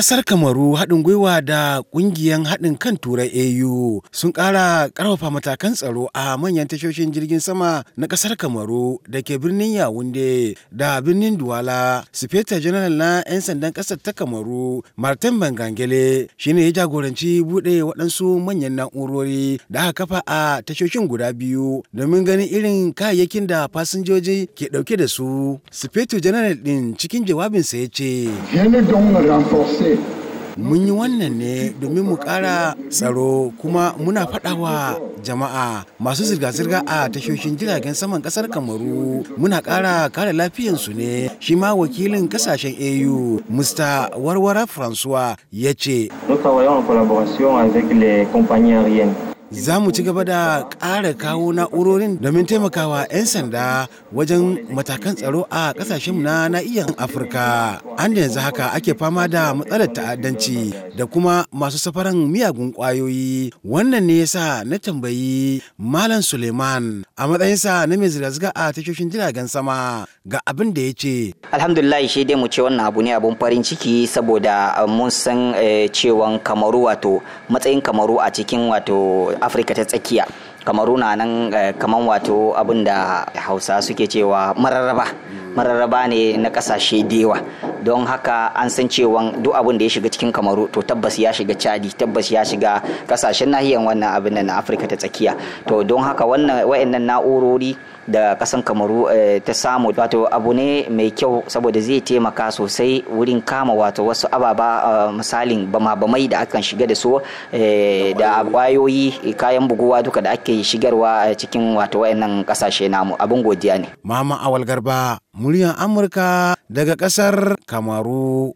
Ƙasar Kamaru haɗin gwiwa da ƙungiyar haɗin kan Turai AU sun ƙara ƙarfafa matakan tsaro a manyan tashoshin jirgin sama na ƙasar Kamaru da ke birnin Yawunde da birnin Duwala. Sifeta Janaral na 'yan sandan ƙasar ta Kamaru Martin Bangangele shine ya jagoranci buɗe waɗansu manyan na'urori da aka kafa a tashoshin guda biyu domin ganin irin kayayyakin da fasinjoji ke ɗauke da su. Sifeto Janaral ɗin cikin jawabinsa ya ce. mun yi wannan ne domin mu ƙara tsaro kuma muna faɗawa jama'a masu zirga-zirga a tashoshin jiragen saman ƙasar kamaru muna ƙara kare lafiyansu ne shi ma wakilin ƙasashen au mr warwara francois ya ce za mu ci gaba da ƙara kawo na'urorin domin taimakawa 'yan sanda wajen matakan tsaro a ƙasashen na na'iyan afirka an yanzu haka ake fama da matsalar ta'addanci da kuma masu safaran miyagun ƙwayoyi wannan ne yasa na tambayi malam suleiman a matsayinsa na mai zirga-zirga a tashoshin jiragen sama ga abin da ya ce alhamdulillah shi dai mu ce wannan abu ne abun farin ciki saboda mun san eh, cewan kamaru wato matsayin kamaru a cikin wato afirka ta tsakiya kamaru na nan eh, kaman wato abin da hausa suke cewa mararraba mararraba ne na kasashe dewa. don haka an san cewa duk abin da ya shiga cikin kamaru to tabbas ya shiga chadi tabbas ya shiga kasashen nahiyan wannan abin nan na afirka ta tsakiya to don haka wannan wayannan na'urori da kasan kamaru eh, ta samu wato abu ne mai kyau saboda zai taimaka sosai wurin kama wato wasu ababa eh, misalin bama-bamai da akan shiga da su eh, da kwayoyi kayan buguwa duka da ake shigarwa cikin wato wayannan kasashe namu abin godiya ne mama awal garba muryan amurka daga kasar kamaru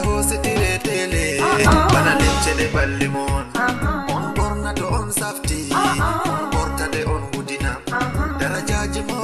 irra hoositee teelee bana leencele balli moon on bornata on safti on bortade on gudina uh-huh. darajaaji